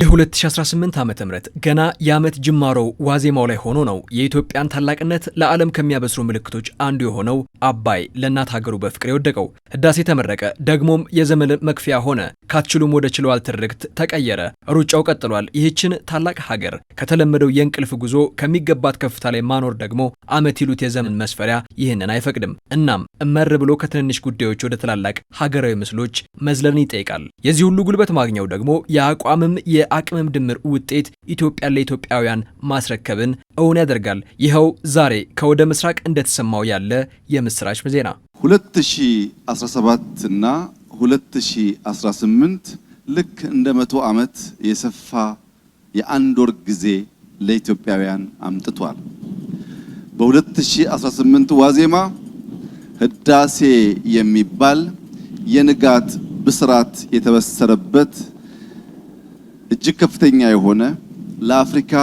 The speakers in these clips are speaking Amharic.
የ2018 ዓ ም ገና የዓመት ጅማሮው ዋዜማው ላይ ሆኖ ነው የኢትዮጵያን ታላቅነት ለዓለም ከሚያበስሩ ምልክቶች አንዱ የሆነው አባይ ለእናት ሀገሩ በፍቅር የወደቀው። ህዳሴ ተመረቀ፣ ደግሞም የዘመን መክፊያ ሆነ። ካትችሉም ወደ ችለዋል ትርክት ተቀየረ። ሩጫው ቀጥሏል። ይህችን ታላቅ ሀገር ከተለመደው የእንቅልፍ ጉዞ ከሚገባት ከፍታ ላይ ማኖር ደግሞ ዓመት ይሉት የዘመን መስፈሪያ ይህንን አይፈቅድም። እናም እመር ብሎ ከትንንሽ ጉዳዮች ወደ ትላላቅ ሀገራዊ ምስሎች መዝለልን ይጠይቃል። የዚህ ሁሉ ጉልበት ማግኘው ደግሞ የአቋምም የ የአቅምም ድምር ውጤት ኢትዮጵያን ለኢትዮጵያውያን ማስረከብን እውን ያደርጋል። ይኸው ዛሬ ከወደ ምስራቅ እንደተሰማው ያለ የምስራች ዜና 2017 እና 2018 ልክ እንደ መቶ ዓመት የሰፋ የአንድ ወር ጊዜ ለኢትዮጵያውያን አምጥቷል። በ2018 ዋዜማ ህዳሴ የሚባል የንጋት ብስራት የተበሰረበት እጅግ ከፍተኛ የሆነ ለአፍሪካ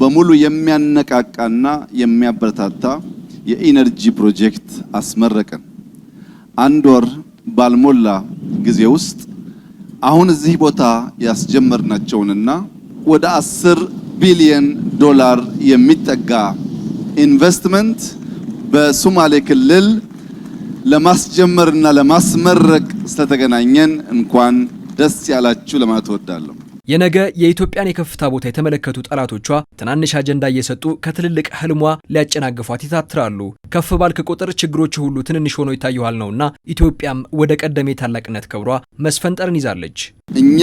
በሙሉ የሚያነቃቃና የሚያበረታታ የኢነርጂ ፕሮጀክት አስመረቅን። አንድ ወር ባልሞላ ጊዜ ውስጥ አሁን እዚህ ቦታ ያስጀመርናቸውንና ወደ አስር ቢሊየን ዶላር የሚጠጋ ኢንቨስትመንት በሶማሌ ክልል ለማስጀመርና ለማስመረቅ ስለተገናኘን እንኳን ደስ ያላችሁ ለማለት እወዳለሁ። የነገ የኢትዮጵያን የከፍታ ቦታ የተመለከቱ ጠላቶቿ ትናንሽ አጀንዳ እየሰጡ ከትልልቅ ህልሟ ሊያጨናግፏት ይታትራሉ። ከፍ ባልክ ቁጥር ችግሮች ሁሉ ትንንሽ ሆኖ ነው ነውና ኢትዮጵያም ወደ ቀደሜ ታላቅነት ክብሯ መስፈንጠርን ይዛለች። እኛ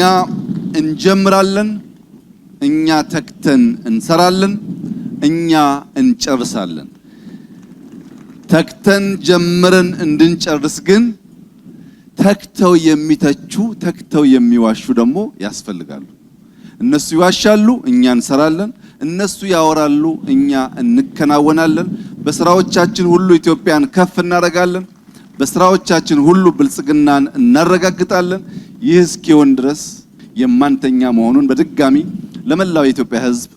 እንጀምራለን፣ እኛ ተክተን እንሰራለን፣ እኛ እንጨርሳለን። ተክተን ጀምረን እንድንጨርስ ግን ተክተው የሚተቹ ተክተው የሚዋሹ ደግሞ ያስፈልጋሉ። እነሱ ይዋሻሉ፣ እኛ እንሰራለን። እነሱ ያወራሉ፣ እኛ እንከናወናለን። በስራዎቻችን ሁሉ ኢትዮጵያን ከፍ እናደርጋለን። በስራዎቻችን ሁሉ ብልጽግናን እናረጋግጣለን። ይህ እስኪሆን ድረስ የማንተኛ መሆኑን በድጋሚ ለመላው የኢትዮጵያ ሕዝብ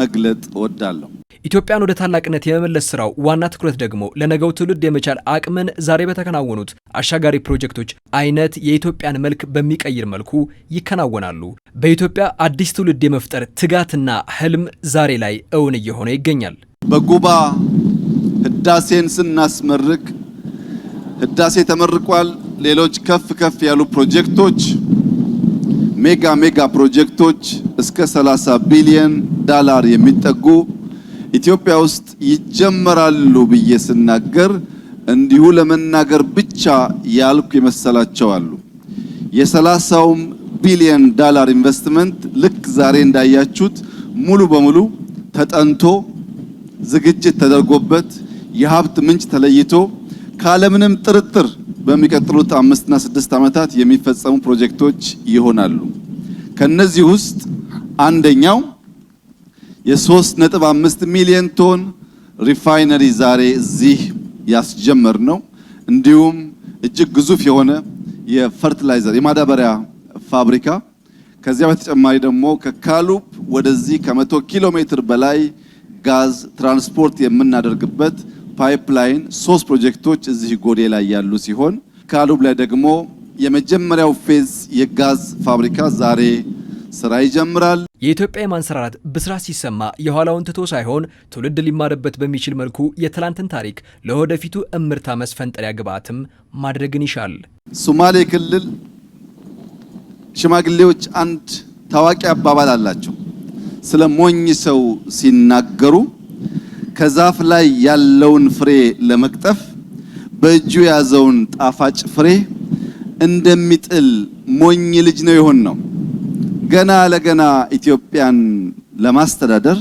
መግለጥ እወዳለሁ። ኢትዮጵያን ወደ ታላቅነት የመመለስ ስራው ዋና ትኩረት ደግሞ ለነገው ትውልድ የመቻል አቅምን ዛሬ በተከናወኑት አሻጋሪ ፕሮጀክቶች አይነት የኢትዮጵያን መልክ በሚቀይር መልኩ ይከናወናሉ። በኢትዮጵያ አዲስ ትውልድ የመፍጠር ትጋትና ህልም ዛሬ ላይ እውን እየሆነ ይገኛል። በጉባ ህዳሴን ስናስመርቅ ህዳሴ ተመርቋል። ሌሎች ከፍ ከፍ ያሉ ፕሮጀክቶች ሜጋ ሜጋ ፕሮጀክቶች እስከ 30 ቢሊዮን ዳላር የሚጠጉ ኢትዮጵያ ውስጥ ይጀመራሉ ብዬ ስናገር እንዲሁ ለመናገር ብቻ ያልኩ የመሰላቸው አሉ። የሰላሳውም ቢሊዮን ዳላር ኢንቨስትመንት ልክ ዛሬ እንዳያችሁት ሙሉ በሙሉ ተጠንቶ ዝግጅት ተደርጎበት የሀብት ምንጭ ተለይቶ ካለምንም ጥርጥር በሚቀጥሉት አምስትና ስድስት ዓመታት የሚፈጸሙ ፕሮጀክቶች ይሆናሉ። ከነዚህ ውስጥ አንደኛው የ3.5 ሚሊዮን ቶን ሪፋይነሪ ዛሬ እዚህ ያስጀመር ነው። እንዲሁም እጅግ ግዙፍ የሆነ የፈርትላይዘር የማዳበሪያ ፋብሪካ ከዚያ በተጨማሪ ደግሞ ከካሉብ ወደዚህ ከመቶ ኪሎ ሜትር በላይ ጋዝ ትራንስፖርት የምናደርግበት ፓይፕላይን ሶስት ፕሮጀክቶች እዚህ ጎዴ ላይ ያሉ ሲሆን ካሉብ ላይ ደግሞ የመጀመሪያው ፌዝ የጋዝ ፋብሪካ ዛሬ ስራ ይጀምራል። የኢትዮጵያ የማንሰራራት ብስራት ሲሰማ የኋላውን ትቶ ሳይሆን ትውልድ ሊማርበት በሚችል መልኩ የትላንትን ታሪክ ለወደፊቱ እምርታ መስፈንጠሪያ ግብአትም ማድረግን ይሻል። ሶማሌ ክልል ሽማግሌዎች አንድ ታዋቂ አባባል አላቸው። ስለ ሞኝ ሰው ሲናገሩ ከዛፍ ላይ ያለውን ፍሬ ለመቅጠፍ በእጁ የያዘውን ጣፋጭ ፍሬ እንደሚጥል ሞኝ ልጅ ነው ይሆን ነው ገና ለገና ኢትዮጵያን ለማስተዳደር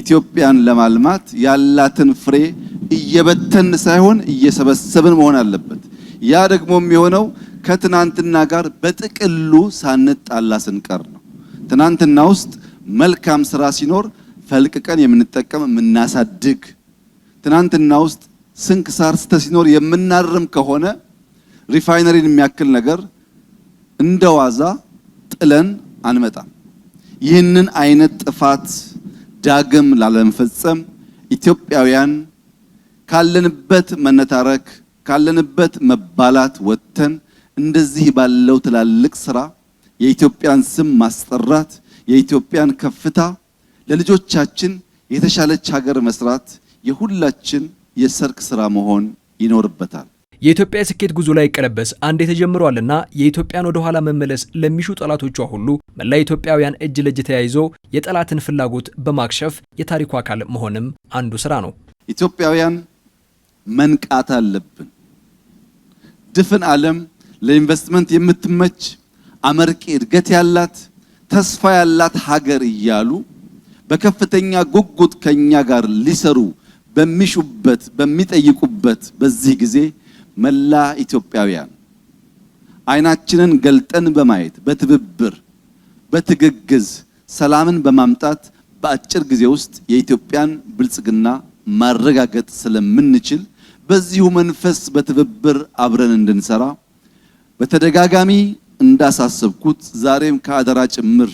ኢትዮጵያን ለማልማት ያላትን ፍሬ እየበተን ሳይሆን እየሰበሰብን መሆን አለበት። ያ ደግሞ የሚሆነው ከትናንትና ጋር በጥቅሉ ሳንጣላ ስንቀር ነው። ትናንትና ውስጥ መልካም ስራ ሲኖር ፈልቅቀን የምንጠቀም የምናሳድግ፣ ትናንትና ውስጥ ስንክሳር ስተ ሲኖር የምናርም ከሆነ ሪፋይነሪን የሚያክል ነገር እንደዋዛ ጥለን አንመጣም። ይህንን አይነት ጥፋት ዳግም ላለመፈጸም ኢትዮጵያውያን ካለንበት መነታረክ ካለንበት መባላት ወጥተን እንደዚህ ባለው ትላልቅ ስራ የኢትዮጵያን ስም ማስጠራት የኢትዮጵያን ከፍታ ለልጆቻችን የተሻለች ሀገር መስራት የሁላችን የሰርክ ስራ መሆን ይኖርበታል። የኢትዮጵያ የስኬት ጉዞ ላይ ቀለበስ አንዴ ተጀምሯልና የኢትዮጵያን ወደ ኋላ መመለስ ለሚሹ ጠላቶቿ ሁሉ መላ ኢትዮጵያውያን እጅ ለእጅ ተያይዞ የጠላትን ፍላጎት በማክሸፍ የታሪኩ አካል መሆንም አንዱ ስራ ነው። ኢትዮጵያውያን መንቃት አለብን። ድፍን ዓለም ለኢንቨስትመንት የምትመች አመርቂ እድገት ያላት ተስፋ ያላት ሀገር እያሉ በከፍተኛ ጉጉት ከኛ ጋር ሊሰሩ በሚሹበት በሚጠይቁበት በዚህ ጊዜ መላ ኢትዮጵያውያን አይናችንን ገልጠን በማየት በትብብር በትግግዝ ሰላምን በማምጣት በአጭር ጊዜ ውስጥ የኢትዮጵያን ብልጽግና ማረጋገጥ ስለምንችል በዚሁ መንፈስ በትብብር አብረን እንድንሰራ በተደጋጋሚ እንዳሳሰብኩት ዛሬም ከአደራ ጭምር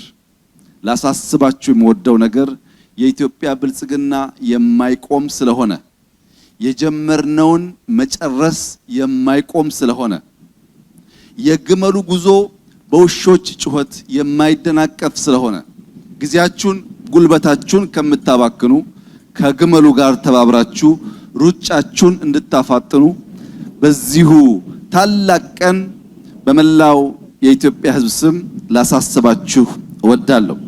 ላሳስባችሁ የምወደው ነገር የኢትዮጵያ ብልጽግና የማይቆም ስለሆነ የጀመርነውን መጨረስ የማይቆም ስለሆነ የግመሉ ጉዞ በውሾች ጩኸት የማይደናቀፍ ስለሆነ ጊዜያችሁን፣ ጉልበታችሁን ከምታባክኑ ከግመሉ ጋር ተባብራችሁ ሩጫችሁን እንድታፋጥኑ በዚሁ ታላቅ ቀን በመላው የኢትዮጵያ ሕዝብ ስም ላሳስባችሁ እወዳለሁ።